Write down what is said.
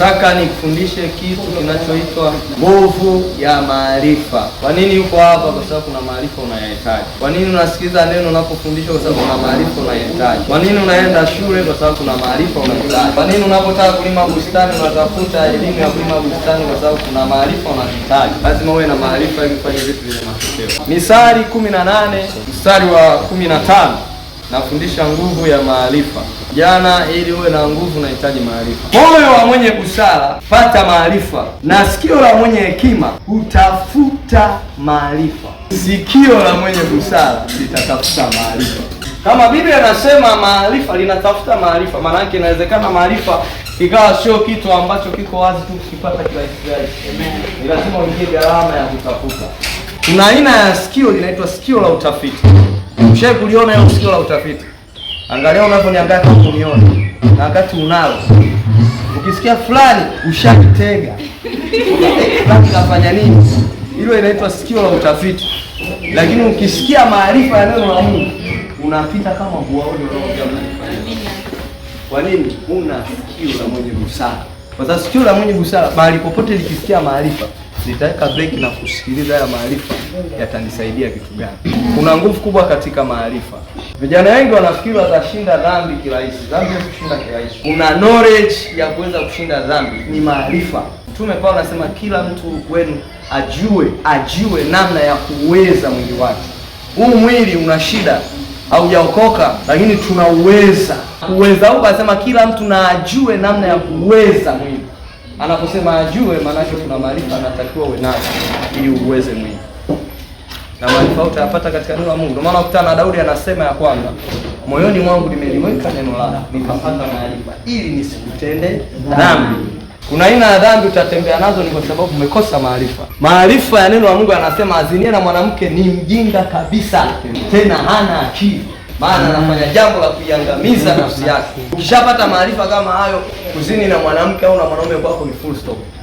Nataka nikufundishe kitu kinachoitwa nguvu ya maarifa. Kwa nini yuko hapa? Kwa sababu kuna maarifa unayahitaji. Kwa nini unasikiliza neno unapofundishwa? Kwa sababu kuna maarifa unayahitaji. Kwa nini unaenda shule? Kwa sababu kuna maarifa unahitaji. Kwa nini unapotaka kulima bustani unatafuta elimu ya kulima bustani? Kwa sababu kuna maarifa unahitaji. Lazima uwe na maarifa ili kufanya vitu vyenye matokeo. Misali kumi na nane mstari wa kumi na tano nafundisha nguvu ya maarifa. Jana ili uwe na nguvu unahitaji maarifa. Moyo wa mwenye busara pata maarifa, na sikio la mwenye hekima hutafuta maarifa. Sikio la mwenye busara litatafuta maarifa. Kama Biblia inasema maarifa linatafuta maarifa, maana yake inawezekana maarifa ikawa sio kitu ambacho kiko wazi tu kukipata kirahisi rahisi. Amen. Ni lazima uingie gharama ya kutafuta. Kuna aina ya sikio linaitwa sikio la utafiti. Ushawahi kuliona hilo sikio la utafiti? Angalia unavyoniangaa kama uniona, na wakati unalo ukisikia fulani ushanitega fulani kafanya nini, hilo inaitwa sikio la utafiti. Lakini ukisikia maarifa ya neno la Mungu unapita kama huwaoni wanaongea maarifa. Kwa nini? Una sikio la mwenye busara, kwa sababu sikio la mwenye busara mahali popote likisikia maarifa nitaweka breki na kusikiliza haya maarifa yatanisaidia kitu gani. Kuna nguvu kubwa katika maarifa. Vijana wengi wanafikiri watashinda dhambi kirahisi. Dhambi ya kushinda kirahisi, kuna knowledge ya kuweza kushinda dhambi ni maarifa. Mtume Paulo anasema kila mtu wenu ajue, ajue namna ya kuweza mwili wake. Huu mwili una shida, haujaokoka, lakini tunauweza kuweza. Huko anasema kila mtu na ajue namna ya kuweza mwili Anaposema ajue, maanake kuna maarifa anatakiwa uwe nayo ili uweze mwingi, na maarifa utayapata katika neno la Mungu. Ndio maana ukutana na Daudi anasema ya kwamba moyoni mwangu nimeliweka neno la nikapata maarifa ili nisikutende dhambi. Kuna aina ya dhambi utatembea nazo ni kwa sababu umekosa maarifa. Maarifa ya neno la Mungu anasema, azinie na mwanamke ni mjinga kabisa, tena hana akili maana anafanya jambo la kuiangamiza nafsi yake. Ukishapata maarifa kama hayo, kuzini na mwanamke au na mwanaume kwako ni full stop.